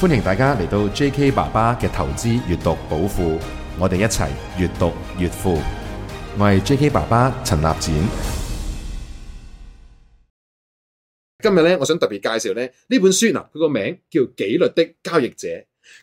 歡迎大家嚟到 J.K. 爸爸嘅投資閱讀寶庫，我哋一齊越讀越富。我係 J.K. 爸爸陳立展。今日咧，我想特別介紹咧呢這本書嗱，佢個名叫《紀律的交易者》。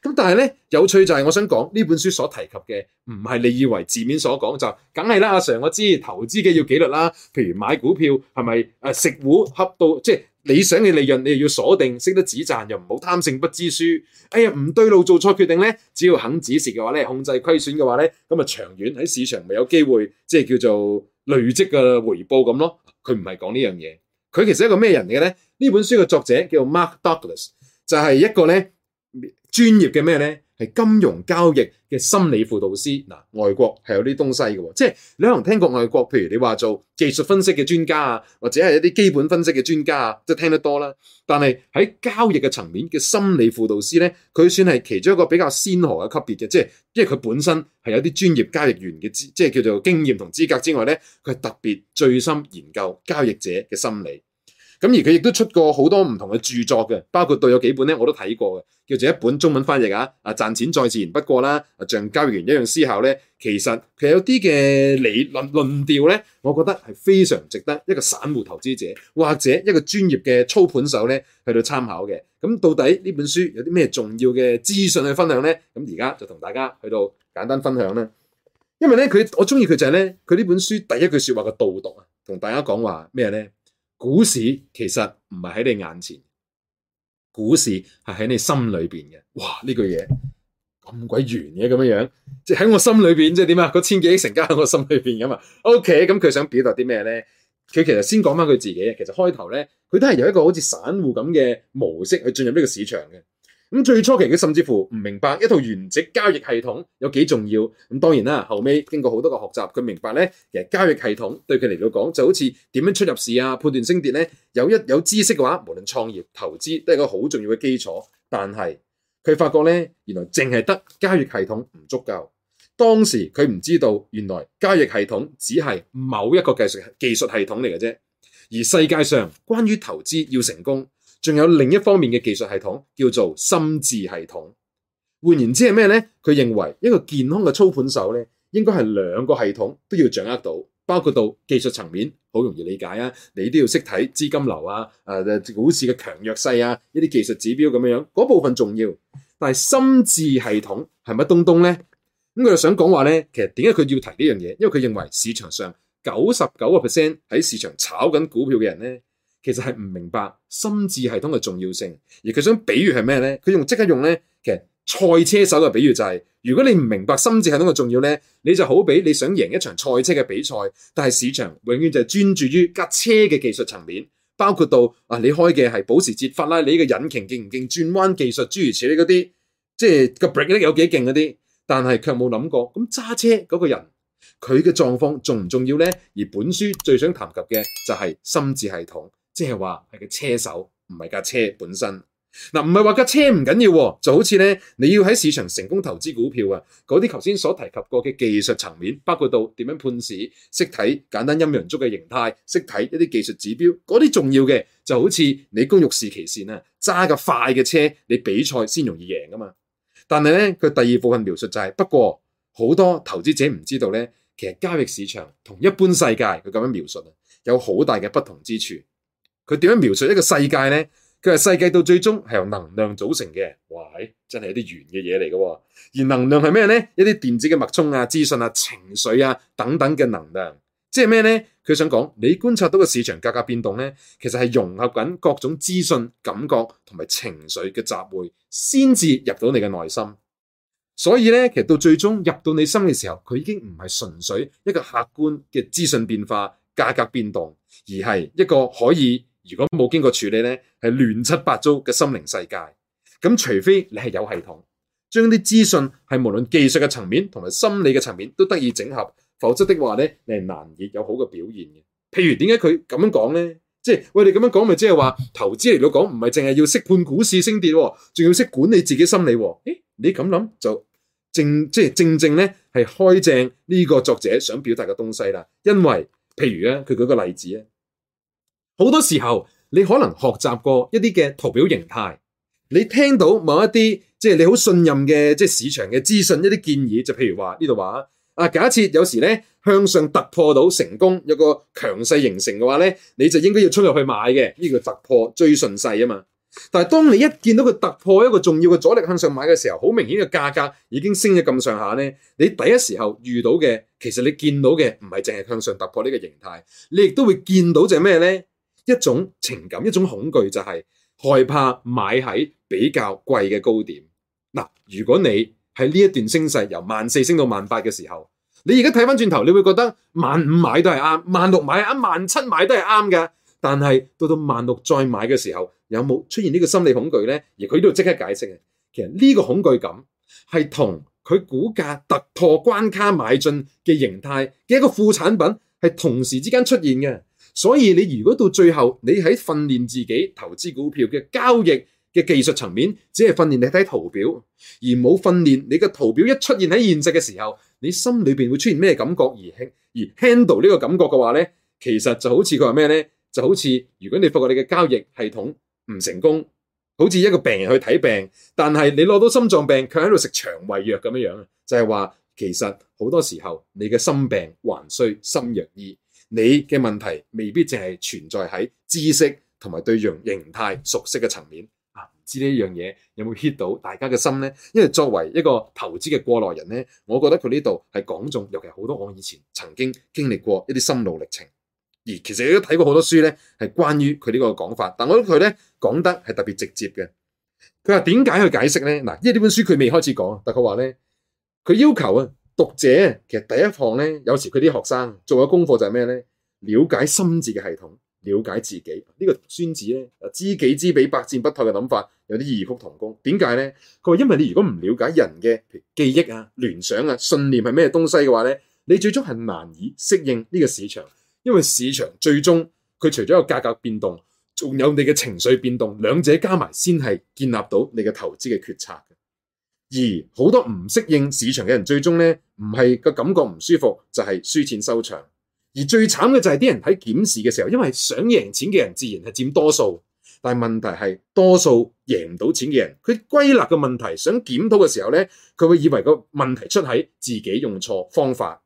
咁但係咧有趣就係，我想講呢本書所提及嘅唔係你以為字面所講就，梗係啦。阿、啊、Sir，我知投資嘅要紀律啦，譬如買股票係咪誒食糊恰到即係。理想嘅利潤，你又要鎖定，識得止賺，又唔好貪勝不知輸。哎呀，唔對路做錯決定咧，只要肯止蝕嘅話咧，控制虧損嘅話咧，咁啊長遠喺市場咪有機會即係叫做累積嘅回報咁咯。佢唔係講呢樣嘢，佢其實一個咩人嚟嘅咧？呢本書嘅作者叫 Mark Douglas，就係一個咧。專業嘅咩咧？係金融交易嘅心理輔導師，嗱、呃，外國係有啲東西嘅喎，即係你可能聽過外國，譬如你話做技術分析嘅專家啊，或者係一啲基本分析嘅專家啊，即係聽得多啦。但係喺交易嘅層面嘅心理輔導師咧，佢算係其中一個比較先河嘅級別嘅，即係因為佢本身係有啲專業交易員嘅資，即係叫做經驗同資格之外咧，佢係特別醉心研究交易者嘅心理。咁而佢亦都出過好多唔同嘅著作嘅，包括對有幾本咧，我都睇過嘅，叫做一本中文翻譯啊。啊，賺錢再自然不過啦。啊，像交易員一樣思考咧，其實佢有啲嘅理論論調咧，我覺得係非常值得一個散戶投資者或者一個專業嘅操盤手咧去到參考嘅。咁到底呢本書有啲咩重要嘅資訊去分享咧？咁而家就同大家去到簡單分享啦。因為咧，佢我中意佢就係咧，佢呢本書第一句說話嘅導讀啊，同大家講話咩咧？股市其實唔係喺你眼前，股市係喺你心裏邊嘅。哇！呢句嘢咁鬼玄嘅咁樣樣，即係喺我心裏邊，即係點啊？個千幾億成交喺我心裏邊咁啊。OK，咁佢想表達啲咩咧？佢其實先講翻佢自己，其實開頭咧，佢都係有一個好似散戶咁嘅模式去進入呢個市場嘅。咁最初期佢甚至乎唔明白一套原值交易系統有幾重要。咁當然啦，後尾經過好多嘅學習，佢明白咧，其實交易系統對佢嚟到講就好似點樣出入市啊、判斷升跌咧，有一有知識嘅話，無論創業、投資都係一個好重要嘅基礎。但係佢發覺咧，原來淨係得交易系統唔足夠。當時佢唔知道，原來交易系統只係某一個技術技術系統嚟嘅啫。而世界上關於投資要成功。仲有另一方面嘅技術系統叫做心智系統，換言之係咩咧？佢認為一個健康嘅操盤手咧，應該係兩個系統都要掌握到，包括到技術層面，好容易理解啊！你都要識睇資金流啊，誒、啊、股市嘅強弱勢啊，一啲技術指標咁樣樣，嗰部分重要。但係心智系統係乜東東咧？咁佢又想講話咧，其實點解佢要提呢樣嘢？因為佢認為市場上九十九個 percent 喺市場炒緊股票嘅人咧，其實係唔明白心智系統嘅重要性，而佢想比喻係咩呢？佢用即刻用呢，其實賽車手嘅比喻就係：如果你唔明白心智系統嘅重要呢，你就好比你想贏一場賽車嘅比賽，但係市場永遠就係專注於架車嘅技術層面，包括到啊你開嘅係保時捷、法拉利嘅引擎勁唔勁、轉彎技術諸如此類嗰啲，即係個 break 力有幾勁嗰啲，但係卻冇諗過咁揸車嗰個人佢嘅狀況重唔重要呢？而本書最想談及嘅就係心智系統。即係話係個車手，唔係架車本身。嗱、啊，唔係話架車唔緊要、啊，就好似呢，你要喺市場成功投資股票啊，嗰啲頭先所提及過嘅技術層面，包括到點樣判市、識睇簡單陰陽燭嘅形態、識睇一啲技術指標，嗰啲重要嘅就好似你攻入試期線啊，揸架快嘅車，你比賽先容易贏㗎嘛。但係呢，佢第二部分描述就係、是，不過好多投資者唔知道呢，其實交易市場同一般世界佢咁樣描述啊，有好大嘅不同之處。佢點樣描述一個世界呢？佢話世界到最終係由能量組成嘅，哇，真係一啲玄嘅嘢嚟嘅。而能量係咩呢？一啲電子嘅脈衝啊、資訊啊、情緒啊等等嘅能量，即係咩呢？佢想講，你觀察到嘅市場價格變動呢，其實係融合緊各種資訊、感覺同埋情緒嘅集會，先至入到你嘅內心。所以呢，其實到最終入到你心嘅時候，佢已經唔係純粹一個客觀嘅資訊變化、價格變動，而係一個可以。如果冇經過處理呢，係亂七八糟嘅心靈世界。咁除非你係有系統，將啲資訊係無論技術嘅層面同埋心理嘅層面都得以整合，否則的話呢，你係難以有好嘅表現嘅。譬如點解佢咁樣講呢？即係我哋咁樣講咪即係話投資嚟到講，唔係淨係要識判股市升跌，仲要識管理自己心理。誒，你咁諗就正，即係正正呢係開正呢個作者想表達嘅東西啦。因為譬如咧、啊，佢舉個例子啊。好多時候，你可能學習過一啲嘅圖表形態，你聽到某一啲即係你好信任嘅即係市場嘅資訊一啲建議，就譬如話呢度話啊，假設有時咧向上突破到成功有個強勢形成嘅話咧，你就應該要出入去買嘅，呢個突破最順勢啊嘛。但係當你一見到佢突破一個重要嘅阻力向上買嘅時候，好明顯嘅價格已經升咗咁上下咧，你第一時候遇到嘅其實你見到嘅唔係淨係向上突破呢個形態，你亦都會見到隻咩咧？一種情感、一種恐懼，就係害怕買喺比較貴嘅高點。嗱，如果你喺呢一段升勢由萬四升到萬八嘅時候，你而家睇返轉頭，你會覺得萬五買都係啱，萬六買啊，萬七買都係啱嘅。但係到到萬六再買嘅時候，有冇出現呢個心理恐懼呢？而佢呢度即刻解釋嘅，其實呢個恐懼感係同佢股價突破關卡買進嘅形態嘅一個副產品，係同時之間出現嘅。所以你如果到最後，你喺訓練自己投資股票嘅交易嘅技術層面，只係訓練你睇圖表，而冇訓練你嘅圖表一出現喺現實嘅時候，你心裏邊會出現咩感覺，而而 handle 呢個感覺嘅話咧，其實就好似佢話咩咧，就好似如果你發覺你嘅交易系統唔成功，好似一個病人去睇病，但係你攞到心臟病，佢喺度食腸胃藥咁樣樣，就係話其實好多時候你嘅心病還需心藥醫。你嘅問題未必淨係存在喺知識同埋對象形態熟悉嘅層面啊！唔知呢一樣嘢有冇 hit 到大家嘅心呢？因為作為一個投資嘅過來人呢，我覺得佢呢度係講中，尤其好多我以前曾經經歷過一啲心路歷程，而其實亦都睇過好多書呢，係關於佢呢個講法。但我覺得佢呢講得係特別直接嘅。佢話點解去解釋呢？嗱，因為呢本書佢未開始講，但佢話呢，佢要求啊。讀者其實第一項咧，有時佢啲學生做嘅功課就係咩咧？了解心智嘅系統，了解自己。這個、孫呢個《孫子》咧，知己知彼，百戰不殆嘅諗法，有啲異曲同工。點解咧？佢話：因為你如果唔了解人嘅記憶啊、聯想啊、信念係咩東西嘅話咧，你最終係難以適應呢個市場。因為市場最終佢除咗有個價格變動，仲有你嘅情緒變動，兩者加埋先係建立到你嘅投資嘅決策。而好多唔適應市場嘅人最終，最終呢，唔係個感覺唔舒服，就係、是、輸錢收場。而最慘嘅就係啲人喺檢視嘅時候，因為想贏錢嘅人自然係佔多數，但係問題係多數贏唔到錢嘅人，佢歸納嘅問題想檢討嘅時候呢，佢會以為個問題出喺自己用錯方法。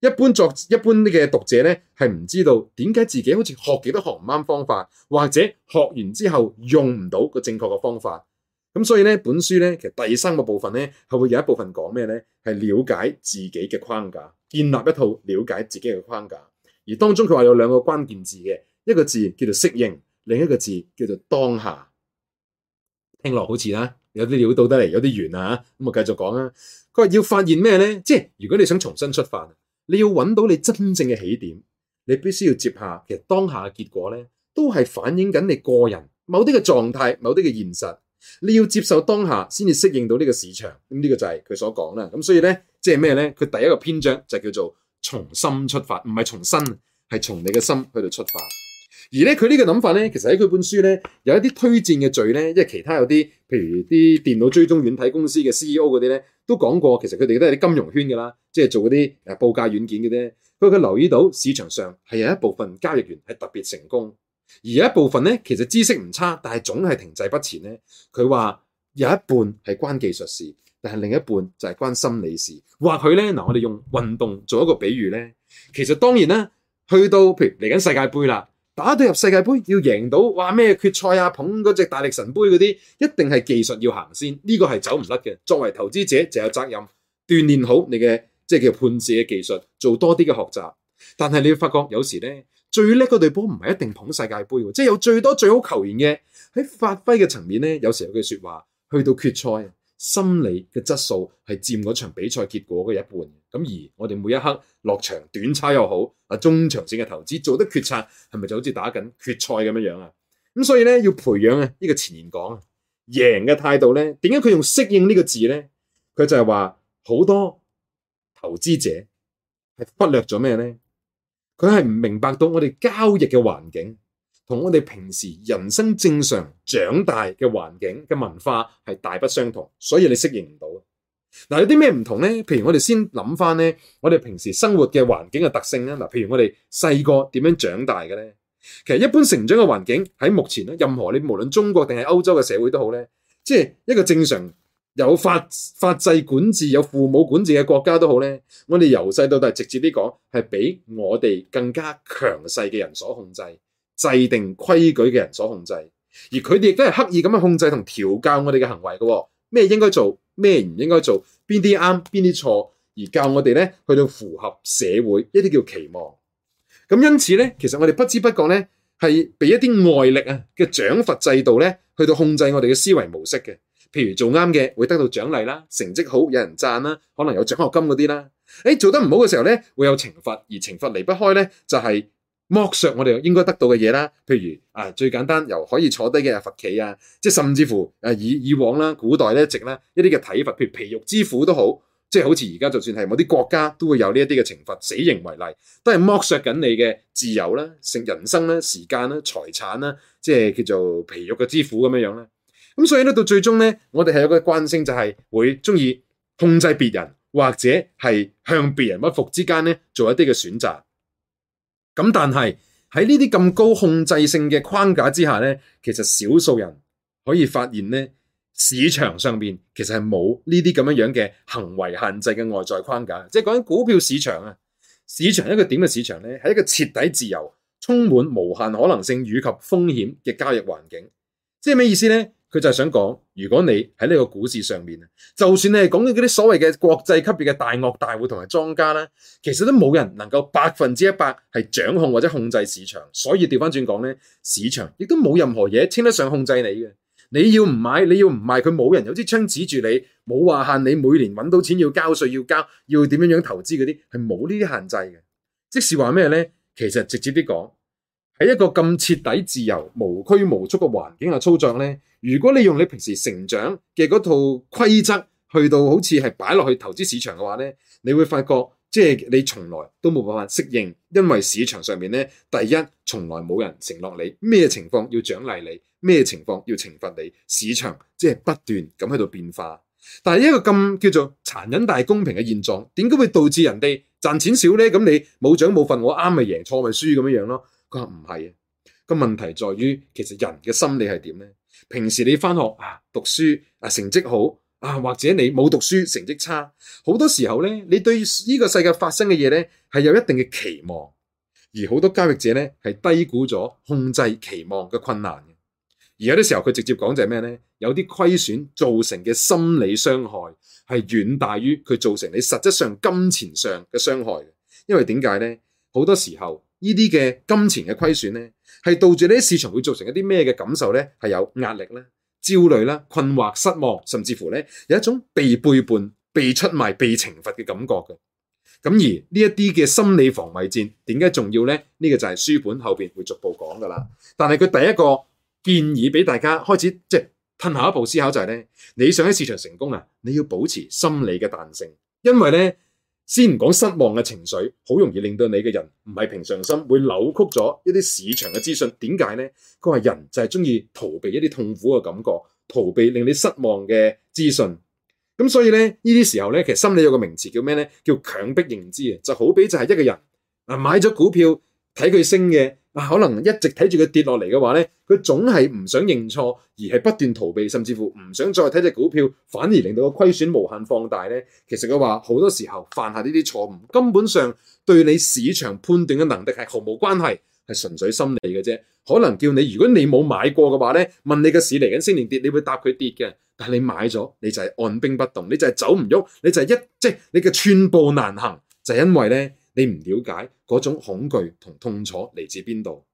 一般作一般嘅讀者呢，係唔知道點解自己好似學幾多學唔啱方法，或者學完之後用唔到個正確嘅方法。咁所以咧，本書咧，其實第三個部分咧，係會有一部分講咩咧？係了解自己嘅框架，建立一套了解自己嘅框架。而當中佢話有兩個關鍵字嘅，一個字叫做適應，另一個字叫做當下。聽落好似啦，有啲料到得嚟，有啲遠啊。咁我繼續講啊。佢話要發現咩咧？即係如果你想重新出發，你要揾到你真正嘅起點，你必須要接下。其實當下嘅結果咧，都係反映緊你個人某啲嘅狀態，某啲嘅現實。你要接受當下，先至適應到呢個市場，咁呢個就係佢所講啦。咁所以呢，即係咩呢？佢第一個篇章就叫做從心出發，唔係從身，係從你嘅心去到出發。而呢，佢呢個諗法呢，其實喺佢本書呢有一啲推薦嘅序呢，因為，其他有啲，譬如啲電腦追蹤軟體公司嘅 C E O 嗰啲呢，都講過，其實佢哋都係啲金融圈嘅啦，即係做嗰啲誒報價軟件嘅啫。不過佢留意到市場上係有一部分交易員係特別成功。而有一部分咧，其實知識唔差，但係總係停滯不前咧。佢話有一半係關技術事，但係另一半就係關心理事。或許咧，嗱，我哋用運動做一個比喻咧，其實當然啦，去到譬如嚟緊世界杯啦，打到入世界杯要贏到，話咩決賽啊，捧嗰隻大力神杯嗰啲，一定係技術要行先，呢個係走唔甩嘅。作為投資者就有責任鍛煉好你嘅即係叫判市嘅技術，做多啲嘅學習。但係你會發覺有時咧。最叻個隊波唔係一定捧世界杯喎，即係有最多最好球員嘅喺發揮嘅層面呢，有時候有句說話，去到決賽，心理嘅質素係佔嗰場比賽結果嘅一半。咁而我哋每一刻落場，短差又好啊，中長線嘅投資做得決策，係咪就好似打緊決賽咁樣樣啊？咁所以呢，要培養啊呢個前言講啊贏嘅態度呢，點解佢用適應呢個字呢？佢就係話好多投資者係忽略咗咩呢？佢係唔明白到我哋交易嘅環境，同我哋平時人生正常長大嘅環境嘅文化係大不相同，所以你適應唔到。嗱，有啲咩唔同呢？譬如我哋先諗返呢，我哋平時生活嘅環境嘅特性咧，嗱，譬如我哋細個點樣長大嘅呢？其實一般成長嘅環境喺目前咧，任何你無論中國定係歐洲嘅社會都好呢，即係一個正常。有法法制管治、有父母管治嘅國家都好咧。我哋由細到大，直接啲講，係俾我哋更加強勢嘅人所控制，制定規矩嘅人所控制，而佢哋亦都係刻意咁樣控制同調教我哋嘅行為嘅、哦。咩應該做，咩唔應該做，邊啲啱，邊啲錯，而教我哋咧去到符合社會，一啲叫期望。咁因此咧，其實我哋不知不覺咧係俾一啲外力啊嘅獎罰制度咧去到控制我哋嘅思維模式嘅。譬如做啱嘅會得到獎勵啦，成績好有人讚啦，可能有獎學金嗰啲啦。誒、哎，做得唔好嘅時候咧，會有懲罰，而懲罰離不開咧就係、是、剝削我哋應該得到嘅嘢啦。譬如啊，最簡單由可以坐低嘅罰企啊，即係甚至乎誒以以往啦，古代咧一直啦一啲嘅體罰，譬如皮肉之苦都好，即係好似而家就算係某啲國家都會有呢一啲嘅懲罰，死刑為例，都係剝削緊你嘅自由啦、成人生啦、時間啦、財產啦，即係叫做皮肉嘅之苦咁樣樣咧。咁所以咧，到最終咧，我哋係有個慣性，就係會鍾意控制別人，或者係向別人屈服之間咧，做一啲嘅選擇。咁但係喺呢啲咁高控制性嘅框架之下咧，其實少數人可以發現咧，市場上邊其實係冇呢啲咁樣樣嘅行為限制嘅外在框架。即係講緊股票市場啊，市場係一個點嘅市場咧，係一個徹底自由、充滿無限可能性與及風險嘅交易環境。即係咩意思咧？佢就係想講，如果你喺呢個股市上面啊，就算你係講緊嗰啲所謂嘅國際級別嘅大鱷大戶同埋莊家咧，其實都冇人能夠百分之一百係掌控或者控制市場。所以掉返轉講咧，市場亦都冇任何嘢稱得上控制你嘅。你要唔買，你要唔賣，佢冇人有支槍指住你，冇話限你每年揾到錢要交稅要交，要點樣樣投資嗰啲係冇呢啲限制嘅。即係話咩咧，其實直接啲講。喺一個咁徹底自由、無拘無束嘅環境下操作呢，如果你用你平時成長嘅嗰套規則去到好似係擺落去投資市場嘅話呢，你會發覺即係、就是、你從來都冇辦法適應，因為市場上面呢，第一從來冇人承諾你咩情況要獎勵你，咩情況要懲罰你，市場即係不斷咁喺度變化。但係一個咁叫做殘忍大公平嘅現狀，點解會導致人哋賺錢少呢？咁你冇獎冇份，我啱咪贏，錯咪輸咁樣樣咯。佢話唔係啊！個問題在於其實人嘅心理係點呢？平時你翻學啊、讀書啊、成績好啊，或者你冇讀書成績差，好多時候呢，你對呢個世界發生嘅嘢呢係有一定嘅期望，而好多交易者呢係低估咗控制期望嘅困難。而有啲時候佢直接講就係咩呢？有啲虧損造成嘅心理傷害係遠大於佢造成你實質上金錢上嘅傷害。因為點解呢？好多時候。呢啲嘅金錢嘅虧損呢，係導致呢啲市場會造成一啲咩嘅感受呢？係有壓力啦、焦慮啦、困惑、失望，甚至乎呢有一種被背叛、被出賣、被懲罰嘅感覺嘅。咁而呢一啲嘅心理防衞戰點解重要呢？呢？呢個就係書本後邊會逐步講噶啦。但係佢第一個建議俾大家開始即係褪下一步思考就係呢：你想喺市場成功啊，你要保持心理嘅彈性，因為呢。先唔講失望嘅情緒，好容易令到你嘅人唔係平常心，會扭曲咗一啲市場嘅資訊。點解呢？佢話人就係鍾意逃避一啲痛苦嘅感覺，逃避令你失望嘅資訊。咁所以咧，呢啲時候咧，其實心理有個名詞叫咩呢？叫強迫認知。就好比就係一個人啊買咗股票，睇佢升嘅。啊，可能一直睇住佢跌落嚟嘅話呢，佢總係唔想認錯，而係不斷逃避，甚至乎唔想再睇隻股票，反而令到個虧損無限放大呢。其實嘅話，好多時候犯下呢啲錯誤，根本上對你市場判斷嘅能力係毫無關係，係純粹心理嘅啫。可能叫你，如果你冇買過嘅話呢，問你個市嚟緊升定跌，你會答佢跌嘅。但係你買咗，你就係按兵不動，你就係走唔喐，你就係一即、就係就係、你嘅寸步難行，就係、因為呢。你唔了解嗰種恐懼同痛楚嚟自邊度，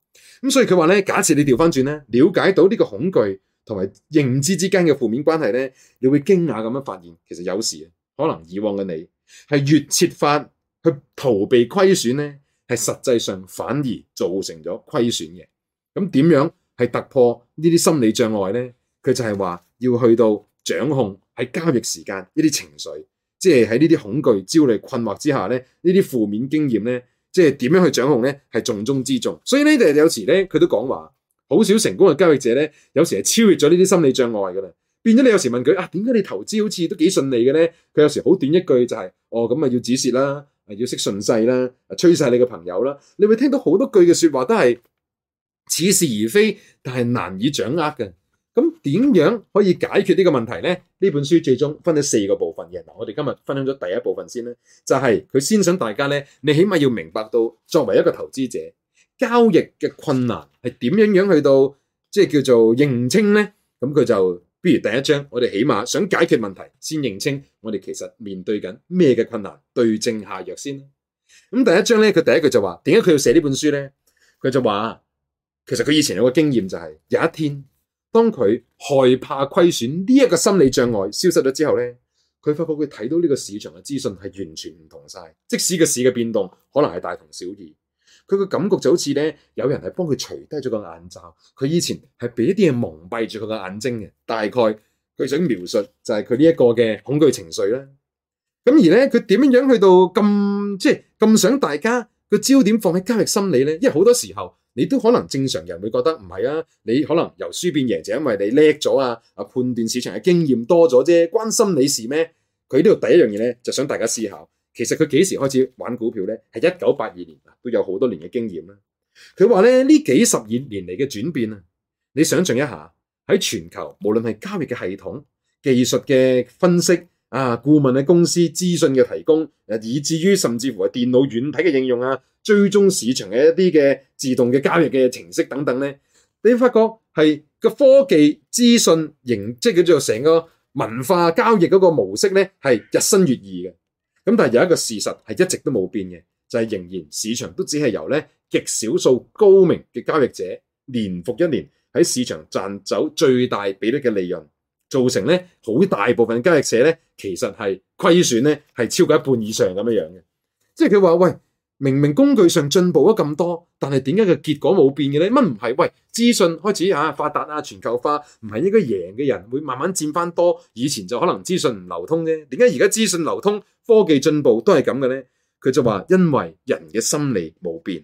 咁所以佢話咧，假設你調翻轉咧，了解到呢個恐懼同埋認知之間嘅負面關係咧，你會驚訝咁樣發現，其實有時可能以往嘅你係越設法去逃避虧損咧，係實際上反而造成咗虧損嘅。咁點樣係突破呢啲心理障礙咧？佢就係話要去到掌控喺交易時間呢啲情緒。即係喺呢啲恐懼、焦慮、困惑之下咧，呢啲負面經驗咧，即係點樣去掌控咧，係重中之重。所以呢，就有時咧，佢都講話好少成功嘅交易者咧，有時係超越咗呢啲心理障礙噶啦。變咗你有時問佢啊，點解你投資好似都幾順利嘅咧？佢有時好短一句就係、是、哦，咁啊要止蝕啦，啊要識順勢啦，啊吹晒你嘅朋友啦。你會聽到好多句嘅說話都係似是而非，但係難以掌握嘅。咁點樣可以解決呢個問題呢？呢本書最終分咗四個部分嘅。嗱，我哋今日分享咗第一部分先啦，就係佢先想大家呢，你起碼要明白到作為一個投資者交易嘅困難係點樣樣去到，即係叫做認清呢。咁佢就，不如第一章，我哋起碼想解決問題，先認清我哋其實面對緊咩嘅困難，對症下藥先。咁第一章呢，佢第一句就話，點解佢要寫呢本書呢？佢就話，其實佢以前有個經驗就係，有一天。當佢害怕虧損呢一個心理障礙消失咗之後呢，佢發覺佢睇到呢個市場嘅資訊係完全唔同晒，即使個市嘅變動可能係大同小異，佢嘅感覺就好似呢，有人係幫佢除低咗個眼罩，佢以前係俾一啲嘢蒙蔽住佢嘅眼睛嘅。大概佢想描述就係佢呢一個嘅恐懼情緒啦。咁而呢，佢點樣去到咁，即係咁想大家個焦點放喺交易心理呢，因為好多時候。你都可能正常人會覺得唔係啊！你可能由輸變贏就因為你叻咗啊！啊，判斷市場嘅經驗多咗啫，關心你事咩？佢呢度第一樣嘢咧，就想大家思考，其實佢幾時開始玩股票咧？係一九八二年都有好多年嘅經驗啦。佢話咧，呢幾十二年嚟嘅轉變啊，你想像一下喺全球，無論係交易嘅系統、技術嘅分析啊、顧問嘅公司資訊嘅提供，以至於甚至乎係電腦軟體嘅應用啊。追蹤市場嘅一啲嘅自動嘅交易嘅程式等等呢，你發覺係個科技資訊形，即係叫做成個文化交易嗰個模式呢，係日新月異嘅。咁但係有一個事實係一直都冇變嘅，就係、是、仍然市場都只係由呢極少數高明嘅交易者年復一年喺市場賺走最大比率嘅利潤，造成呢好大部分交易者呢其實係虧損呢係超過一半以上咁樣樣嘅。即係佢話喂。明明工具上進步咗咁多，但係點解個結果冇變嘅咧？乜唔係？喂，資訊開始吓、啊、發達啊，全球化唔係應該贏嘅人會慢慢佔翻多。以前就可能資訊唔流通啫，點解而家資訊流通、科技進步都係咁嘅咧？佢就話因為人嘅心理冇變，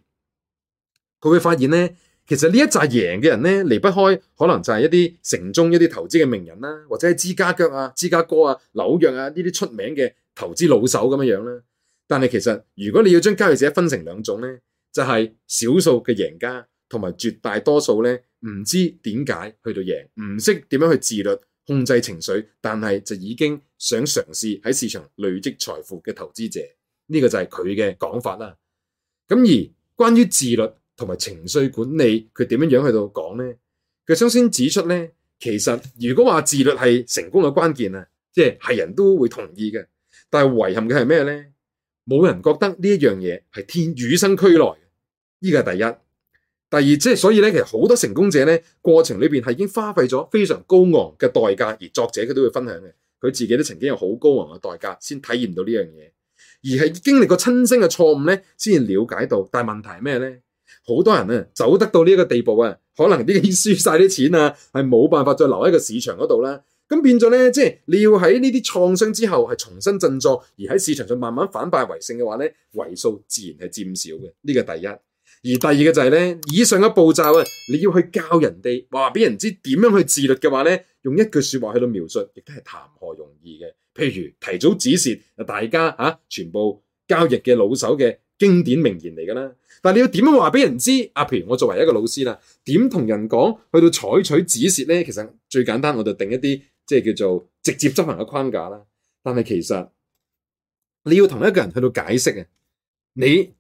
佢會發現咧，其實一贏呢一紮贏嘅人咧，離不開可能就係一啲城中一啲投資嘅名人啦，或者喺芝加哥啊、芝加哥啊、紐約啊呢啲出名嘅投資老手咁樣樣啦。但係其實如果你要將交易者分成兩種呢，就係少數嘅贏家同埋絕大多數呢，唔知點解去到贏，唔識點樣去自律控制情緒，但係就已經想嘗試喺市場累積財富嘅投資者，呢個就係佢嘅講法啦。咁而關於自律同埋情緒管理，佢點樣樣去到講呢？佢首先指出呢，其實如果話自律係成功嘅關鍵啊，即係人都會同意嘅，但係遺憾嘅係咩呢？冇人覺得呢一樣嘢係天與生俱來嘅，呢個係第一。第二，即係所以咧，其實好多成功者咧，過程裏邊係已經花費咗非常高昂嘅代價，而作者佢都會分享嘅，佢自己都曾經有好高昂嘅代價，先體驗到呢樣嘢，而係經歷過親身嘅錯誤咧，先至了解到。但係問題係咩咧？好多人啊，走得到呢一個地步啊，可能呢啲輸晒啲錢啊，係冇辦法再留喺個市場嗰度啦。咁變咗咧，即、就、係、是、你要喺呢啲創傷之後係重新振作，而喺市場上慢慢反敗為勝嘅話咧，為數自然係佔少嘅。呢個第一。而第二個就係咧，以上嘅步驟啊，你要去教人哋話俾人知點樣去自律嘅話咧，用一句説話去到描述，亦都係談何容易嘅。譬如提早止蝕啊，大家嚇、啊、全部交易嘅老手嘅經典名言嚟㗎啦。但係你要點樣話俾人知啊？譬如我作為一個老師啦，點同人講去到採取止蝕咧，其實最簡單我就定一啲。即係叫做直接執行嘅框架啦，但係其實你要同一個人去到解釋啊，你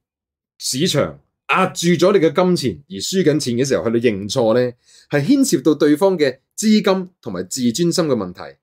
市場壓住咗你嘅金錢而輸緊錢嘅時候去到認錯咧，係牽涉到對方嘅資金同埋自尊心嘅問題。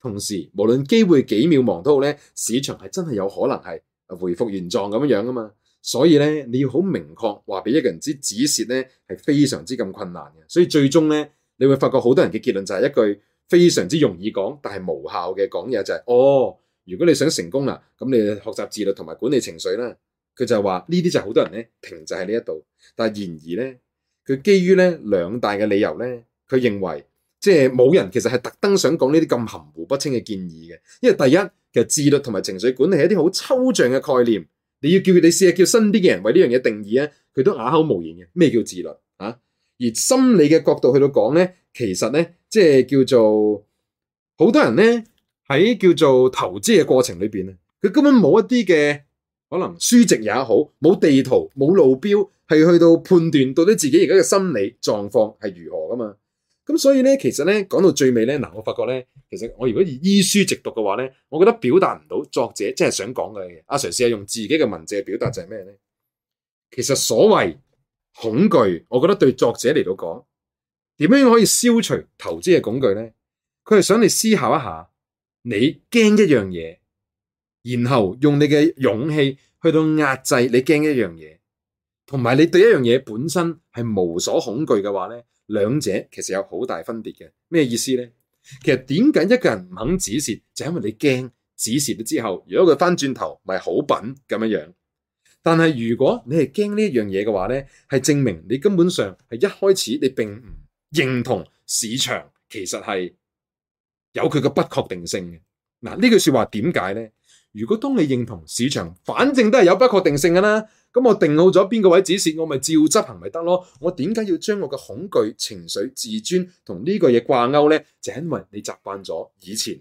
同時，無論機會幾渺茫都好咧，市場係真係有可能係回復原狀咁樣樣㗎嘛。所以咧，你要好明確話俾一個人知止蝕咧，係非常之咁困難嘅。所以最終咧，你會發覺好多人嘅結論就係一句。非常之容易講，但係無效嘅講嘢就係，哦，如果你想成功啦，咁你學習自律同埋管理情緒咧，佢就話呢啲就係好多人咧停滯喺呢一度。但係然而咧，佢基於咧兩大嘅理由咧，佢認為即係冇人其實係特登想講呢啲咁含糊不清嘅建議嘅，因為第一其實自律同埋情緒管理係一啲好抽象嘅概念，你要叫佢哋試下叫身邊嘅人為呢樣嘢定義咧，佢都啞口無言嘅。咩叫自律？而心理嘅角度去到講呢，其實呢，即係叫做好多人呢，喺叫做投資嘅過程裏邊呢，佢根本冇一啲嘅可能書籍也好，冇地圖，冇路標，係去到判斷到底自己而家嘅心理狀況係如何噶嘛。咁所以呢，其實呢，講到最尾呢，嗱，我發覺呢，其實我如果依書直讀嘅話呢，我覺得表達唔到作者即係想講嘅嘢。啊，阿 Sir 試下用自己嘅文字去表達就係咩呢？其實所謂。恐懼，我覺得對作者嚟到講，點樣可以消除投資嘅恐懼咧？佢係想你思考一下，你驚一樣嘢，然後用你嘅勇氣去到壓制你驚一樣嘢，同埋你對一樣嘢本身係無所恐懼嘅話咧，兩者其實有好大分別嘅。咩意思咧？其實點解一個人唔肯止蝕，就係因為你驚止蝕咗之後，如果佢翻轉頭咪好笨咁樣樣。但係如果你係驚呢一樣嘢嘅話呢，係證明你根本上係一開始你並唔認同市場其實係有佢嘅不確定性嘅。嗱，呢句說話點解呢？如果當你認同市場，反正都係有不確定性嘅啦，咁我定好咗邊個位指示，我咪照執行咪得咯。我點解要將我嘅恐懼情緒、自尊同呢個嘢掛鈎呢？就因為你習慣咗以前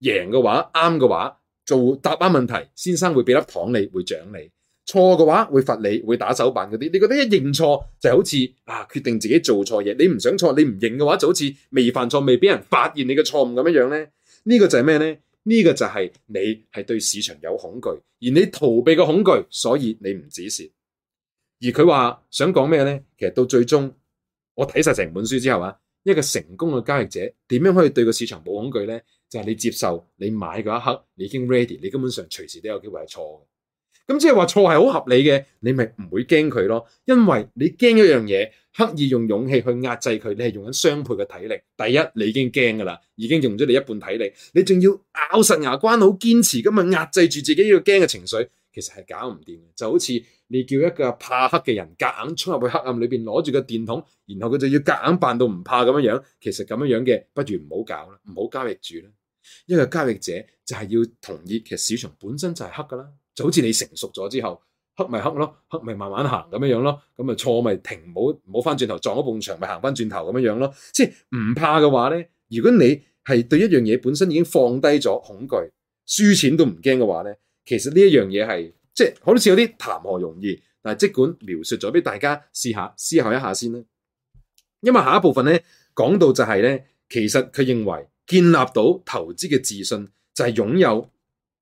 贏嘅話啱嘅話做答啱問題，先生會俾粒糖你，會獎你。錯嘅話會罰你，會打手板嗰啲。你覺得一認錯就好似啊，決定自己做錯嘢。你唔想錯，你唔認嘅話就好似未犯錯，未俾人發現你嘅錯誤咁樣樣呢。呢個就係咩呢？呢個就係你係對市場有恐懼，而你逃避個恐懼，所以你唔止蝕。而佢話想講咩呢？其實到最終我睇晒成本書之後啊，一個成功嘅交易者點樣可以對個市場冇恐懼呢？就係你接受你買嗰一刻你已經 ready，你根本上隨時都有機會係錯嘅。咁即係話錯係好合理嘅，你咪唔會驚佢咯。因為你驚一樣嘢，刻意用勇氣去壓制佢，你係用緊雙倍嘅體力。第一，你已經驚噶啦，已經用咗你一半體力，你仲要咬實牙關，好堅持咁啊，壓制住自己呢個驚嘅情緒，其實係搞唔掂嘅。就好似你叫一個怕黑嘅人，夾硬衝入去黑暗裏邊，攞住個電筒，然後佢就要夾硬扮到唔怕咁樣樣。其實咁樣樣嘅，不如唔好搞啦，唔好交易住啦。一個交易者就係要同意，其實市場本身就係黑噶啦。就好似你成熟咗之後，黑咪黑咯，黑咪慢慢行咁樣樣咯，咁咪錯咪停，冇冇翻轉頭，撞咗埲牆咪行翻轉頭咁樣樣咯，即係唔怕嘅話咧，如果你係對一樣嘢本身已經放低咗恐懼，輸錢都唔驚嘅話咧，其實呢一樣嘢係即係好似有啲談何容易，但係即管描述咗俾大家試下思考一下先啦。因為下一部分咧講到就係、是、咧，其實佢認為建立到投資嘅自信就係、是、擁有。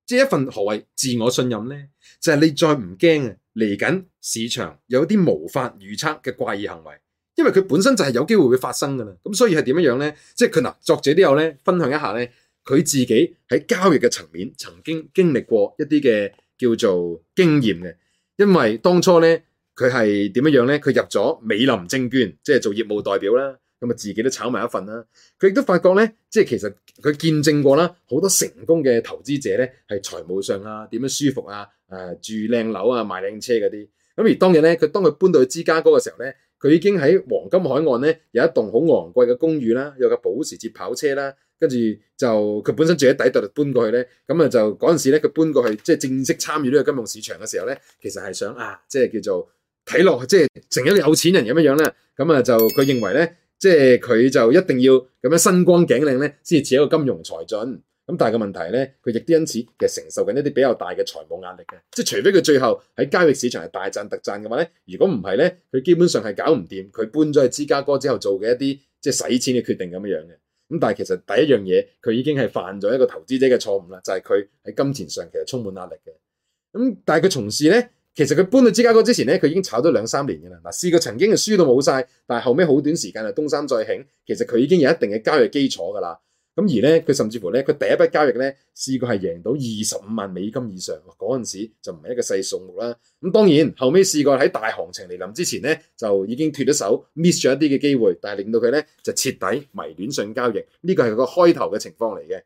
即係一份何謂自我信任呢？就係、是、你再唔驚啊，嚟緊市場有啲無法預測嘅怪異行為，因為佢本身就係有機會會發生噶啦。咁所以係點樣樣咧？即係佢嗱作者都有咧分享一下咧，佢自己喺交易嘅層面曾經經歷過一啲嘅叫做經驗嘅，因為當初咧佢係點樣樣咧？佢入咗美林證券，即係做業務代表啦。咁啊，自己都炒埋一份啦。佢亦都發覺咧，即係其實佢見證過啦，好多成功嘅投資者咧，係財務上啊，點樣舒服啊，誒、呃、住靚樓啊，買靚車嗰啲。咁而當日咧，佢當佢搬到去芝加哥嘅時候咧，佢已經喺黃金海岸咧有一棟好昂貴嘅公寓啦，有個保時捷跑車啦，跟住就佢本身住喺底特律搬過去咧，咁啊就嗰陣時咧佢搬過去即係正式參與呢個金融市場嘅時候咧，其實係想啊，即係叫做睇落即係成一個有錢人咁樣樣啦，咁啊就佢認為咧。即係佢就一定要咁樣身光頸靚咧，先至似一個金融才俊。咁但係個問題咧，佢亦都因此其實承受緊一啲比較大嘅財務壓力嘅。即係除非佢最後喺交易市場係大賺特賺嘅話咧，如果唔係咧，佢基本上係搞唔掂佢搬咗去芝加哥之後做嘅一啲即係使錢嘅決定咁樣樣嘅。咁但係其實第一樣嘢，佢已經係犯咗一個投資者嘅錯誤啦，就係佢喺金錢上其實充滿壓力嘅。咁但係佢從事咧。其實佢搬到芝加哥之前咧，佢已經炒咗兩三年嘅啦。嗱，試過曾經係輸到冇晒，但係後尾好短時間就東山再起。其實佢已經有一定嘅交易基礎㗎啦。咁而咧，佢甚至乎咧，佢第一筆交易咧，試過係贏到二十五萬美金以上，嗰陣時就唔係一個細數目啦。咁當然後尾試過喺大行情嚟臨之前咧，就已經脫咗手，miss 咗一啲嘅機會，但係令到佢咧就徹底迷戀上交易。這個、呢個係佢個開頭嘅情況嚟嘅。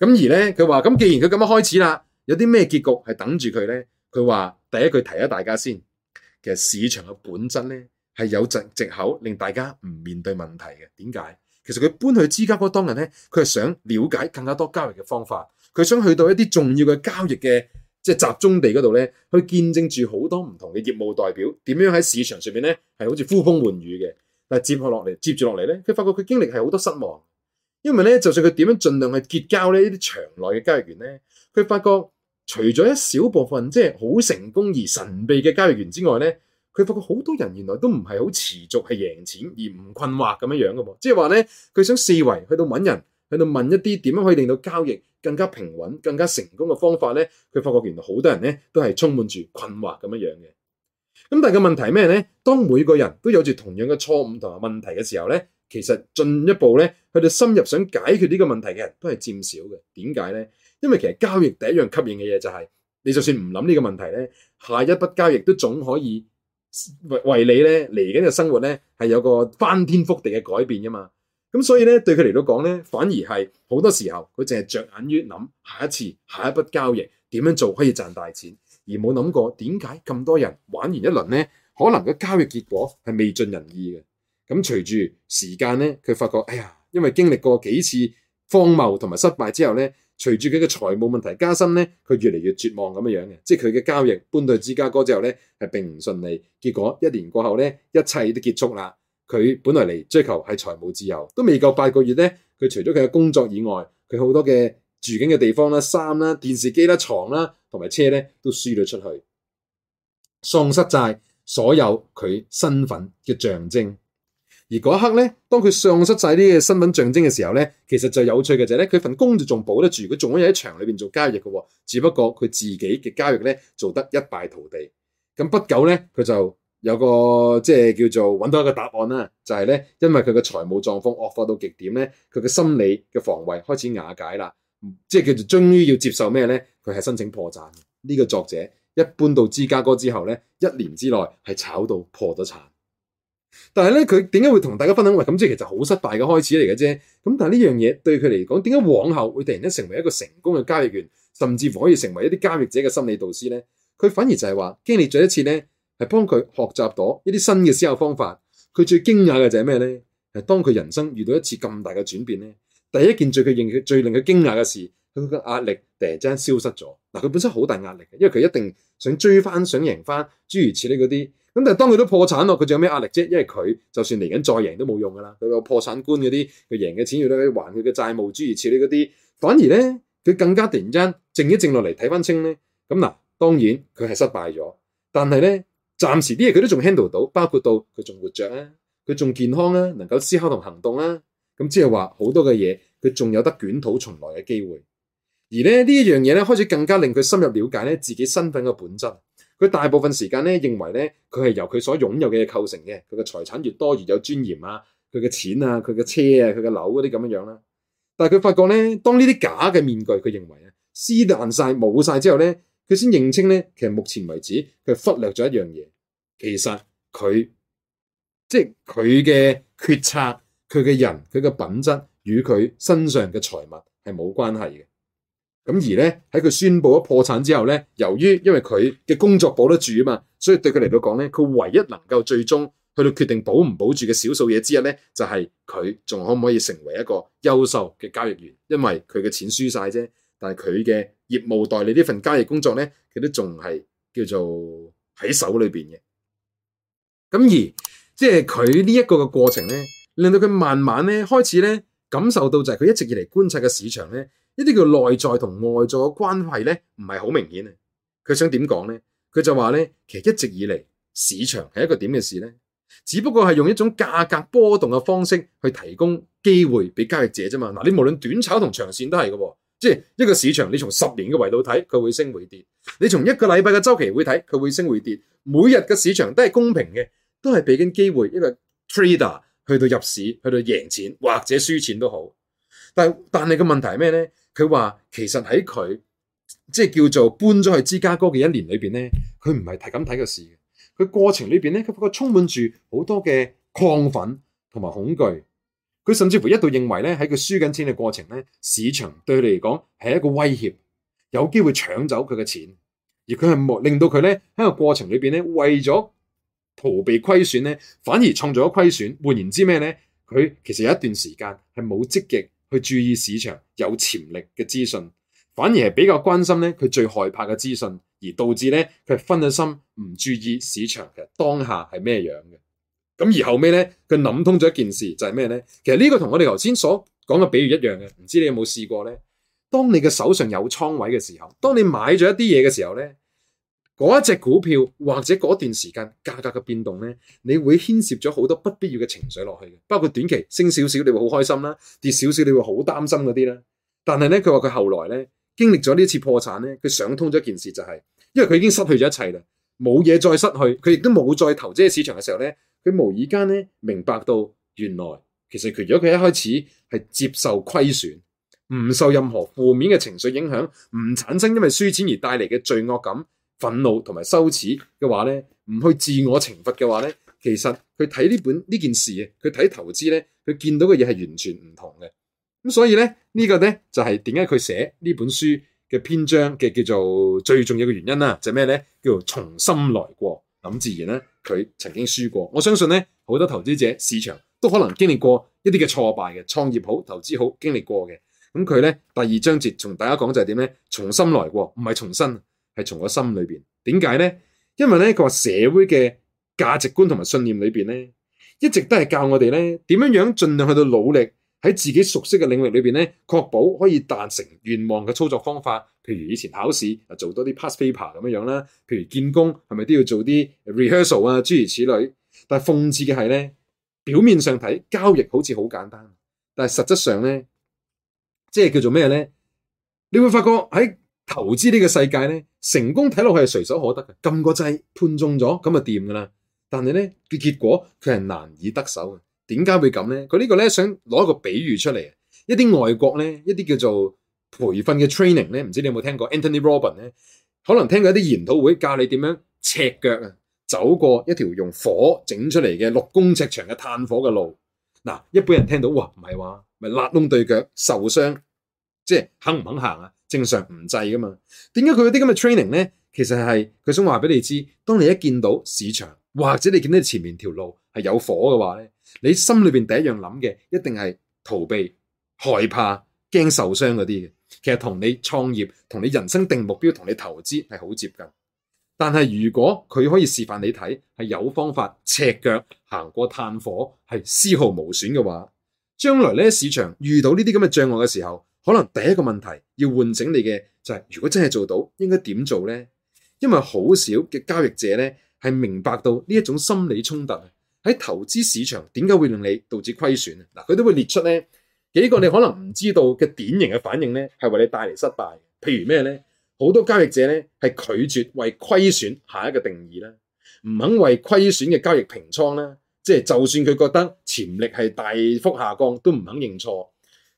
咁而咧，佢話：，咁既然佢咁樣開始啦，有啲咩結局係等住佢咧？佢話：第一句提一大家先，其實市場嘅本質咧係有藉口令大家唔面對問題嘅。點解？其實佢搬去芝加哥當日咧，佢係想了解更加多交易嘅方法，佢想去到一啲重要嘅交易嘅即係集中地嗰度咧，去見證住好多唔同嘅業務代表點樣喺市場上面咧係好似呼風喚雨嘅。但係接落嚟，接住落嚟咧，佢發覺佢經歷係好多失望，因為咧，就算佢點樣盡量去結交咧呢啲場內嘅交易員咧，佢發覺。除咗一小部分即係好成功而神秘嘅交易員之外咧，佢發覺好多人原來都唔係好持續係贏錢而唔困惑咁樣樣嘅喎。即係話咧，佢想四圍去到搵人，去到問一啲點樣可以令到交易更加平穩、更加成功嘅方法咧，佢發覺原來好多人咧都係充滿住困惑咁樣樣嘅。咁但係個問題咩咧？當每個人都有住同樣嘅錯誤同埋問題嘅時候咧，其實進一步咧，佢哋深入想解決呢個問題嘅人都係佔少嘅。點解咧？因為其實交易第一樣吸引嘅嘢就係、是、你，就算唔諗呢個問題呢，下一筆交易都總可以為你呢嚟緊嘅生活呢係有個翻天覆地嘅改變㗎嘛。咁所以呢，對佢嚟到講呢，反而係好多時候佢淨係着眼於諗下一次、下一筆交易點樣做可以賺大錢，而冇諗過點解咁多人玩完一輪呢，可能個交易結果係未盡人意嘅。咁隨住時間呢，佢發覺：哎呀，因為經歷過幾次荒謬同埋失敗之後呢。隨住佢嘅財務問題加深呢，佢越嚟越絕望咁樣樣嘅，即係佢嘅交易搬到芝加哥之後呢係並唔順利。結果一年過後呢，一切都結束啦。佢本來嚟追求係財務自由，都未夠八個月呢佢除咗佢嘅工作以外，佢好多嘅住境嘅地方啦、衫啦、電視機啦、床啦同埋車呢都輸咗出去，喪失曬所有佢身份嘅象徵。而嗰一刻咧，當佢喪失晒呢個身份象徵嘅時候咧，其實最有趣嘅就係咧，佢份工作仲保得住，佢仲可以喺場裏邊做交易嘅喎，只不過佢自己嘅交易咧做得一敗塗地。咁不久咧，佢就有個即係叫做揾到一個答案啦，就係咧，因為佢嘅財務狀況惡化到極點咧，佢嘅心理嘅防衞開始瓦解啦，即係叫做終於要接受咩咧？佢係申請破產。呢個作者一搬到芝加哥之後咧，一年之內係炒到破咗產。但係咧，佢點解會同大家分享？喂、哎，咁即係其實好失敗嘅開始嚟嘅啫。咁但係呢樣嘢對佢嚟講，點解往後會突然間成為一個成功嘅交易員，甚至乎可以成為一啲交易者嘅心理導師咧？佢反而就係話經歷咗一次咧，係幫佢學習到一啲新嘅思考方法。佢最驚訝嘅就係咩咧？係當佢人生遇到一次咁大嘅轉變咧，第一件最佢認最令佢驚訝嘅事，佢嘅壓力突然間消失咗。嗱、啊，佢本身好大壓力嘅，因為佢一定想追翻，想贏翻，諸如此類嗰啲。咁但係當佢都破產咯，佢仲有咩壓力啫？因為佢就算嚟緊再贏都冇用噶啦，佢個破產官嗰啲，佢贏嘅錢要攞嚟還佢嘅債務，諸如此類嗰啲。反而咧，佢更加突然間靜一靜落嚟睇翻清咧，咁嗱，當然佢係失敗咗。但係咧，暫時啲嘢佢都仲 handle 到，包括到佢仲活着，啊，佢仲健康啊，能夠思考同行動啦、啊。咁即係話好多嘅嘢，佢仲有得捲土重來嘅機會。而咧呢一樣嘢咧，開始更加令佢深入了解咧自己身份嘅本質。佢大部分時間咧，認為咧佢係由佢所擁有嘅嘢構成嘅，佢嘅財產越多越有尊嚴啊，佢嘅錢啊，佢嘅車啊，佢嘅樓嗰啲咁樣樣啦。但係佢發覺咧，當呢啲假嘅面具佢認為咧撕爛曬冇晒之後咧，佢先認清咧，其實目前為止佢忽略咗一樣嘢，其實佢即係佢嘅決策、佢嘅人、佢嘅品質與佢身上嘅財物係冇關係嘅。咁而咧喺佢宣布咗破產之後咧，由於因為佢嘅工作保得住啊嘛，所以對佢嚟到講咧，佢唯一能夠最終去到決定保唔保住嘅少數嘢之一咧，就係佢仲可唔可以成為一個優秀嘅交易員？因為佢嘅錢輸晒啫，但係佢嘅業務代理呢份交易工作咧，佢都仲係叫做喺手裏邊嘅。咁而即係佢呢一個嘅過程咧，令到佢慢慢咧開始咧感受到就係佢一直以嚟觀察嘅市場咧。呢啲叫內在同外在嘅關係咧，唔係好明顯啊！佢想點講咧？佢就話咧，其實一直以嚟市場係一個點嘅事咧，只不過係用一種價格波動嘅方式去提供機會俾交易者啫嘛。嗱、啊，你無論短炒同長線都係嘅，即係一個市場你從十年嘅維度睇，佢會升會跌；你從一個禮拜嘅周期會睇，佢會升會跌。每日嘅市場都係公平嘅，都係俾緊機會一個 trader 去到入市去到贏錢或者輸錢都好。但但係個問題係咩咧？佢話：其實喺佢即係叫做搬咗去芝加哥嘅一年裏邊咧，佢唔係睇咁睇個市。佢過程裏邊咧，佢覺得充滿住好多嘅亢奮同埋恐懼。佢甚至乎一度認為咧，喺佢輸緊錢嘅過程咧，市場對佢嚟講係一個威脅，有機會搶走佢嘅錢。而佢係令到佢咧喺個過程裏邊咧，為咗逃避虧損咧，反而創造咗虧損。換言之咩咧？佢其實有一段時間係冇積極。去注意市場有潛力嘅資訊，反而係比較關心咧佢最害怕嘅資訊，而導致咧佢分咗心，唔注意市場嘅當下係咩樣嘅。咁而後尾咧，佢諗通咗一件事就係咩咧？其實呢個同我哋頭先所講嘅比喻一樣嘅。唔知你有冇試過咧？當你嘅手上有倉位嘅時候，當你買咗一啲嘢嘅時候咧。嗰隻股票或者嗰段時間價格嘅變動呢，你會牽涉咗好多不必要嘅情緒落去嘅，包括短期升少少你會好開心啦，跌少少你會好擔心嗰啲啦。但係呢，佢話佢後來呢經歷咗呢次破產呢，佢想通咗一件事就係、是，因為佢已經失去咗一切啦，冇嘢再失去，佢亦都冇再投資呢個市場嘅時候呢，佢無意間呢明白到原來其實，如果佢一開始係接受虧損，唔受任何負面嘅情緒影響，唔產生因為輸錢而帶嚟嘅罪惡感。憤怒同埋羞恥嘅話呢，唔去自我懲罰嘅話呢，其實佢睇呢本呢件事啊，佢睇投資呢，佢見到嘅嘢係完全唔同嘅。咁所以呢，呢個呢，就係點解佢寫呢本書嘅篇章嘅叫做最重要嘅原因啦，就係咩呢？叫做重新來過。咁自然呢，佢曾經輸過。我相信呢，好多投資者市場都可能經歷過一啲嘅挫敗嘅，創業好、投資好，經歷過嘅。咁佢呢，第二章節同大家講就係點呢？重新來過，唔係重新。係從我心裏邊，點解呢？因為呢個社會嘅價值觀同埋信念裏邊呢，一直都係教我哋呢點樣樣盡量去到努力喺自己熟悉嘅領域裏邊呢，確保可以達成願望嘅操作方法。譬如以前考試啊，做多啲 pass paper 咁樣樣啦，譬如見工，係咪都要做啲 rehearsal 啊，諸如此類。但係諷刺嘅係呢，表面上睇交易好似好簡單，但係實質上呢，即係叫做咩呢？你會發覺喺投資呢個世界咧，成功睇落去係隨手可得嘅，撳個掣判中咗咁啊掂㗎啦。但係咧嘅結果佢係難以得手嘅。點解會咁咧？佢呢個咧想攞一個比喻出嚟，一啲外國咧一啲叫做培訓嘅 training 咧，唔知你有冇聽過 Anthony Robin 咧？可能聽過一啲研討會教你點樣赤腳啊走過一條用火整出嚟嘅六公尺長嘅炭火嘅路。嗱，一般人聽到哇，唔係話咪揦窿對腳受傷，即係肯唔肯行啊？正常唔制噶嘛？點解佢有啲咁嘅 training 呢？其實係佢想話俾你知，當你一見到市場或者你見到前面條路係有火嘅話咧，你心裏邊第一樣諗嘅一定係逃避、害怕、驚受傷嗰啲嘅。其實同你創業、同你人生定目標、同你投資係好接近。但係如果佢可以示範你睇係有方法，赤腳行過炭火係絲毫無損嘅話，將來呢市場遇到呢啲咁嘅障礙嘅時候，可能第一個問題要喚醒你嘅就係、是，如果真係做到，應該點做呢？因為好少嘅交易者呢，係明白到呢一種心理衝突喺投資市場點解會令你導致虧損。嗱，佢、啊、都會列出呢幾個你可能唔知道嘅典型嘅反應呢係為你帶嚟失敗。譬如咩呢？好多交易者呢，係拒絕為虧損下一個定義啦，唔肯為虧損嘅交易平倉啦，即、就、係、是、就算佢覺得潛力係大幅下降，都唔肯認錯。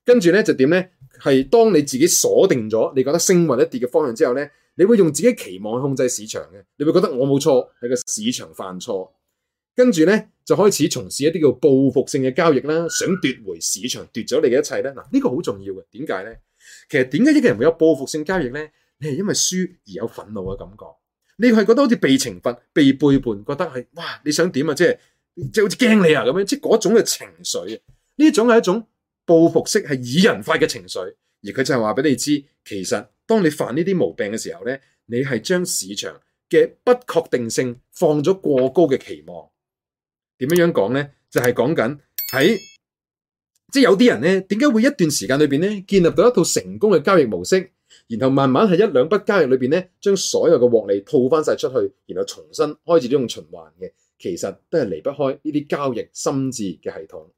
跟住咧就點咧？係當你自己鎖定咗你覺得升或者跌嘅方向之後咧，你會用自己期望去控制市場嘅，你會覺得我冇錯，係個市場犯錯。跟住咧就開始從事一啲叫報復性嘅交易啦，想奪回市場，奪咗你嘅一切咧。嗱，呢個好重要嘅。點解咧？其實點解一個人會有報復性交易咧？你係因為輸而有憤怒嘅感覺，你係覺得好似被懲罰、被背叛，覺得係哇你想點啊？即係即係好似驚你啊咁樣，即係嗰種嘅情緒。呢種係一種。報復式係以人化嘅情緒，而佢就係話俾你知，其實當你犯呢啲毛病嘅時候咧，你係將市場嘅不確定性放咗過高嘅期望。點樣樣講咧？就係講緊喺即係有啲人咧，點解會一段時間裏邊咧建立到一套成功嘅交易模式，然後慢慢喺一兩筆交易裏邊咧將所有嘅獲利套翻晒出去，然後重新開始呢種循環嘅，其實都係離不開呢啲交易心智嘅系統。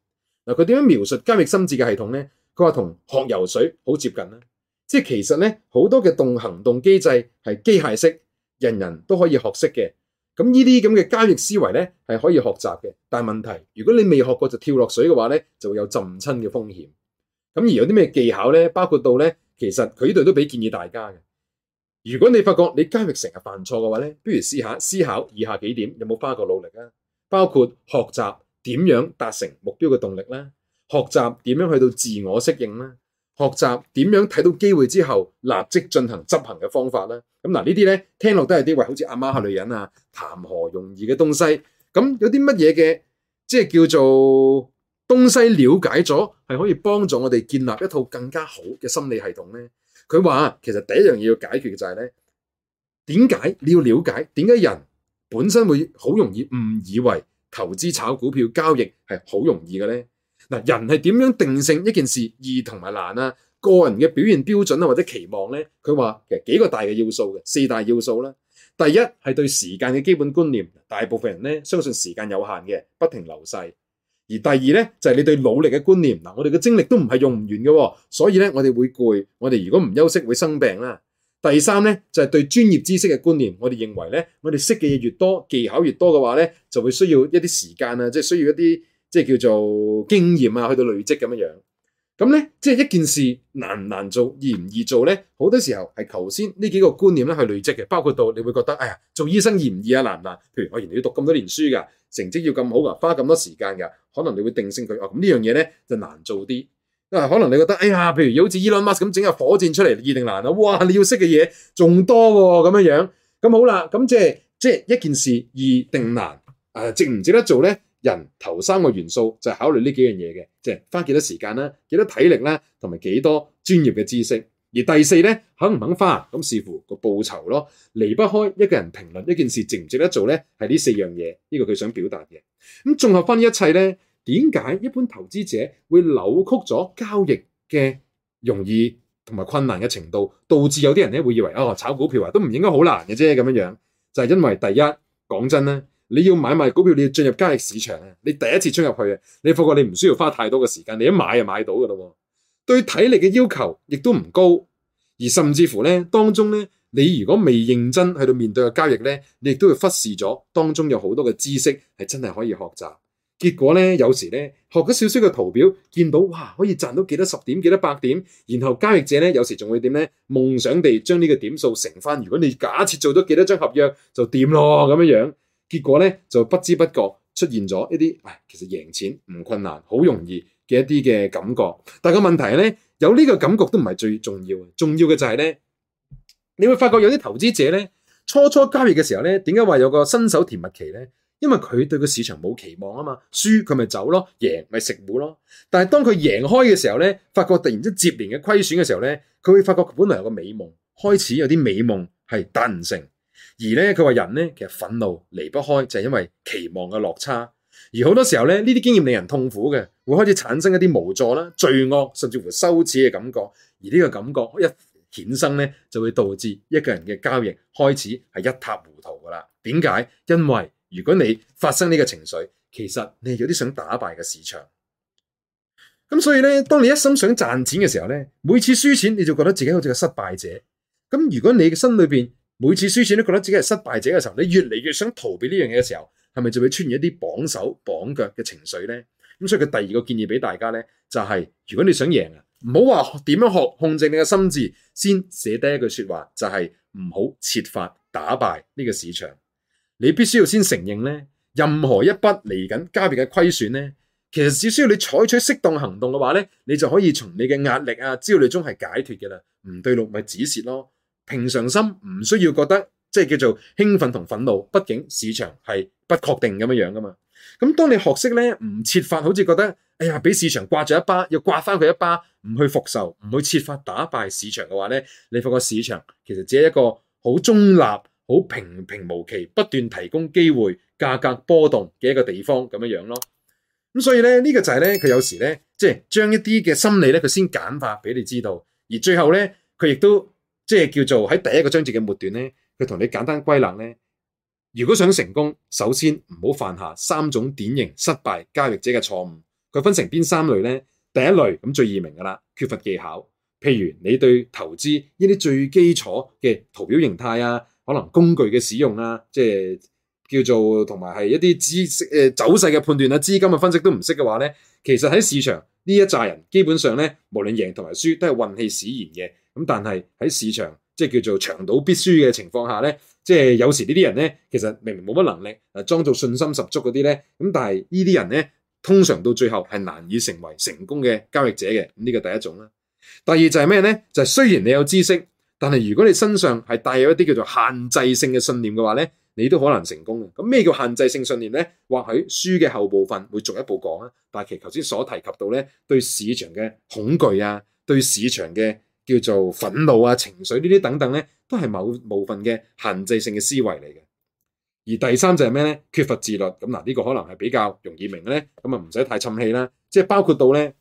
嗱，佢點樣描述交易心智嘅系統呢？佢話同學游水好接近啦，即係其實咧好多嘅動行動機制係機械式，人人都可以學識嘅。咁呢啲咁嘅交易思維呢，係可以學習嘅。但係問題，如果你未學過就跳落水嘅話呢，就會有浸親嘅風險。咁而有啲咩技巧呢？包括到呢，其實佢呢度都俾建議大家嘅。如果你發覺你交易成日犯錯嘅話呢，不如試下思考以下幾點有冇花過努力啊？包括學習。點樣達成目標嘅動力呢？學習點樣去到自我適應呢？學習點樣睇到機會之後立即進行執行嘅方法呢？咁嗱，呢啲呢，聽落都係啲喂，好似阿媽係女人啊，談何容易嘅東西？咁有啲乜嘢嘅，即係叫做東西了解咗，係可以幫助我哋建立一套更加好嘅心理系統呢？佢話其實第一樣嘢要解決嘅就係呢：點解你要了解？點解人本身會好容易誤以為？投資炒股票交易係好容易嘅咧，嗱，人係點樣定性一件事易同埋難啊？個人嘅表現標準啊或者期望咧，佢話其實幾個大嘅要素嘅四大要素啦、啊。第一係對時間嘅基本觀念，大部分人咧，相信時間有限嘅，不停流逝。而第二咧就係、是、你對努力嘅觀念嗱，我哋嘅精力都唔係用唔完嘅、啊，所以咧我哋會攰，我哋如果唔休息會生病啦、啊。第三咧就係對專業知識嘅觀念，我哋認為咧，我哋識嘅嘢越多，技巧越多嘅話咧，就會需要一啲時間啊，即係需要一啲即係叫做經驗啊，去到累積咁樣樣。咁咧即係一件事難唔難做，易唔易做咧，好多時候係頭先呢幾個觀念咧去累積嘅，包括到你會覺得，哎呀，做醫生易唔易啊，難唔難？譬如我原來要讀咁多年書㗎，成績要咁好㗎，花咁多時間㗎，可能你會定性佢，哦，咁呢樣嘢咧就難做啲。可能你覺得，哎呀，譬如好似 Elon Musk 咁整架火箭出嚟易定難啊？哇，你要識嘅嘢仲多喎、哦，咁樣樣，咁好啦，咁即係即係一件事易定難，誒、呃，值唔值得做咧？人頭三個元素就係考慮呢幾樣嘢嘅，即係花幾多時間啦，幾多體力啦，同埋幾多專業嘅知識。而第四咧，肯唔肯花咁視乎個報酬咯，離不開一個人評論一件事值唔值得做咧，係呢四樣嘢，呢、這個佢想表達嘅。咁、嗯、綜合翻一切咧。點解一般投資者會扭曲咗交易嘅容易同埋困難嘅程度，導致有啲人咧會以為哦，炒股票啊都唔應該好難嘅啫咁樣樣，就係因為第一，講真咧，你要買賣股票，你要進入交易市場，你第一次進入去，你發覺你唔需要花太多嘅時間，你一買就買到噶啦，對體力嘅要求亦都唔高，而甚至乎咧當中咧，你如果未認真去到面對嘅交易咧，你亦都會忽視咗當中有好多嘅知識係真係可以學習。結果咧，有時咧學咗少少嘅圖表，見到哇可以賺到幾多十點幾多百點，然後交易者咧有時仲會點咧夢想地將呢個點數乘翻。如果你假設做咗幾多張合約就掂咯咁樣樣，結果咧就不知不覺出現咗一啲，喂、哎，其實贏錢唔困難，好容易嘅一啲嘅感覺。但個問題咧，有呢個感覺都唔係最重要，重要嘅就係咧，你會發覺有啲投資者咧初初交易嘅時候咧，點解話有個新手甜蜜期咧？因為佢對個市場冇期望啊嘛，輸佢咪走咯，贏咪食糊咯。但係當佢贏開嘅時候咧，發覺突然之間接連嘅虧損嘅時候咧，佢會發覺佢本來有個美夢，開始有啲美夢係達唔成。而咧佢話人咧其實憤怒離不開就係、是、因為期望嘅落差。而好多時候咧呢啲經驗令人痛苦嘅，會開始產生一啲無助啦、罪惡甚至乎羞恥嘅感覺。而呢個感覺一衍生咧，就會導致一個人嘅交易開始係一塌糊塗噶啦。點解？因為如果你發生呢個情緒，其實你有啲想打敗嘅市場。咁所以咧，當你一心想賺錢嘅時候咧，每次輸錢你就覺得自己好似個失敗者。咁如果你嘅心裏邊每次輸錢都覺得自己係失敗者嘅時候，你越嚟越想逃避呢樣嘢嘅時候，係咪就會出現一啲綁手綁腳嘅情緒呢？咁所以佢第二個建議俾大家呢，就係、是、如果你想贏啊，唔好話點樣學控制你嘅心智，先寫低一句説話，就係唔好設法打敗呢個市場。你必須要先承認呢任何一筆嚟緊交易嘅虧損呢，其實只需要你採取適當行動嘅話呢，你就可以從你嘅壓力啊焦慮中係解脫嘅啦。唔對路咪止蝕咯，平常心唔需要覺得即係叫做興奮同憤怒。畢竟市場係不確定咁樣樣噶嘛。咁當你學識呢唔設法好似覺得哎呀俾市場掛咗一巴，要掛翻佢一巴，唔去復仇，唔去設法打敗市場嘅話呢，你發覺市場其實只係一個好中立。好平平無奇，不斷提供機會，價格波動嘅一個地方咁樣樣咯。咁所以咧，呢個就係咧，佢有時咧，即係將一啲嘅心理咧，佢先簡化俾你知道，而最後咧，佢亦都即係叫做喺第一個章節嘅末段咧，佢同你簡單歸納咧。如果想成功，首先唔好犯下三種典型失敗交易者嘅錯誤。佢分成邊三類咧？第一類咁最易明噶啦，缺乏技巧，譬如你對投資呢啲最基礎嘅圖表形態啊。可能工具嘅使用啊，即係叫做同埋係一啲知識誒、呃，走勢嘅判斷啊、資金嘅分析都唔識嘅話咧，其實喺市場呢一紮人，基本上咧，無論贏同埋輸都係運氣使然嘅。咁但係喺市場即係叫做長賭必輸嘅情況下咧，即係有時呢啲人咧，其實明明冇乜能力，誒裝作信心十足嗰啲咧，咁但係呢啲人咧，通常到最後係難以成為成功嘅交易者嘅。咁呢個第一種啦。第二就係咩咧？就係，雖然你有知識。但係如果你身上係帶有一啲叫做限制性嘅信念嘅話咧，你都可能成功嘅。咁咩叫限制性信念咧？或許書嘅後部分會進一步講啊。但係其頭先所提及到咧，對市場嘅恐懼啊，對市場嘅叫做憤怒啊、情緒呢啲等等咧，都係某部分嘅限制性嘅思維嚟嘅。而第三就係咩咧？缺乏自律。咁嗱呢個可能係比較容易明嘅咧。咁啊唔使太沉氣啦。即係包括到咧，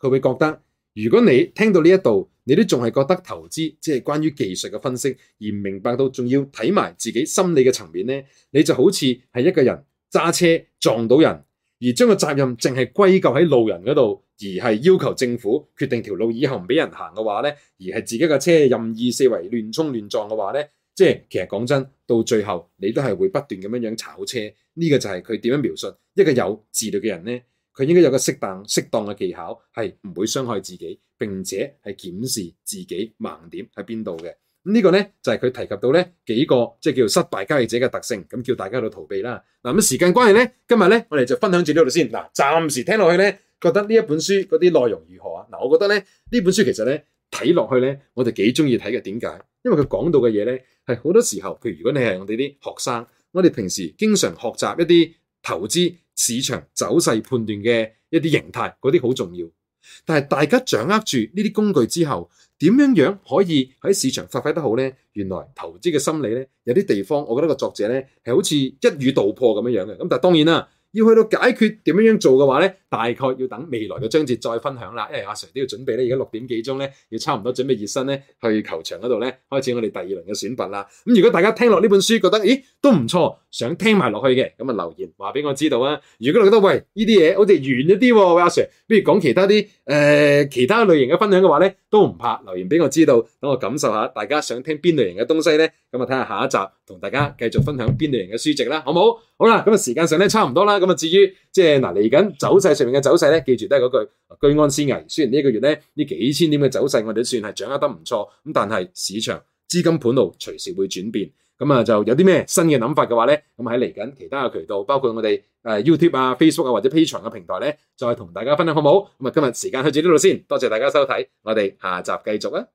佢會，會覺得如果你聽到呢一度。你都仲係覺得投資即係關於技術嘅分析，而唔明白到仲要睇埋自己心理嘅層面呢。你就好似係一個人揸車撞到人，而將個責任淨係歸咎喺路人嗰度，而係要求政府決定條路以後唔俾人行嘅話呢，而係自己嘅車任意四圍亂衝亂撞嘅話呢。即係其實講真，到最後你都係會不斷咁樣樣炒車。呢個就係佢點樣描述一個有自律嘅人呢？佢應該有個適當適當嘅技巧，係唔會傷害自己，並且係檢視自己盲點喺邊度嘅。咁呢個呢，就係、是、佢提及到呢幾個即係叫做失敗交易者嘅特性，咁叫大家喺度逃避啦。嗱咁時間關係呢，今日呢，我哋就分享住呢度先。嗱，暫時聽落去呢，覺得呢一本書嗰啲內容如何啊？嗱，我覺得呢呢本書其實呢，睇落去呢，我哋幾中意睇嘅。點解？因為佢講到嘅嘢呢，係好多時候，譬如如果你係我哋啲學生，我哋平時經常學習一啲投資。市場走勢判斷嘅一啲形態，嗰啲好重要。但係大家掌握住呢啲工具之後，點樣樣可以喺市場發揮得好呢？原來投資嘅心理呢，有啲地方，我覺得個作者呢係好似一語道破咁樣樣嘅。咁但係當然啦，要去到解決點樣樣做嘅話呢，大概要等未來嘅章節再分享啦。因為阿 Sir 都要準備呢，而家六點幾鐘呢，要差唔多準備熱身呢，去球場嗰度呢，開始我哋第二輪嘅選拔啦。咁如果大家聽落呢本書覺得，咦，都唔錯。想聽埋落去嘅，咁啊留言話俾我知道啊！如果你覺得喂呢啲嘢好似遠一啲，阿、啊、Sir 不如講其他啲誒、呃、其他類型嘅分享嘅話咧，都唔怕留言俾我知道，等我感受下大家想聽邊類型嘅東西咧。咁啊睇下下一集同大家繼續分享邊類型嘅書籍啦，好唔好？好啦，咁啊時間上咧差唔多啦。咁啊至於即係嗱嚟緊走勢上面嘅走勢咧，記住都係嗰句居安思危。雖然呢一個月咧呢幾千點嘅走勢，我哋算係掌握得唔錯，咁但係市場資金盤路隨時會轉變。咁啊，那就有啲咩新嘅諗法嘅話呢，咁喺嚟緊其他嘅渠道，包括我哋 YouTube 啊、Facebook 啊或者 Patreon 嘅平台咧，再同大家分享好唔好？咁啊，今日時間去到呢度先，多謝大家收睇，我哋下集繼續啊！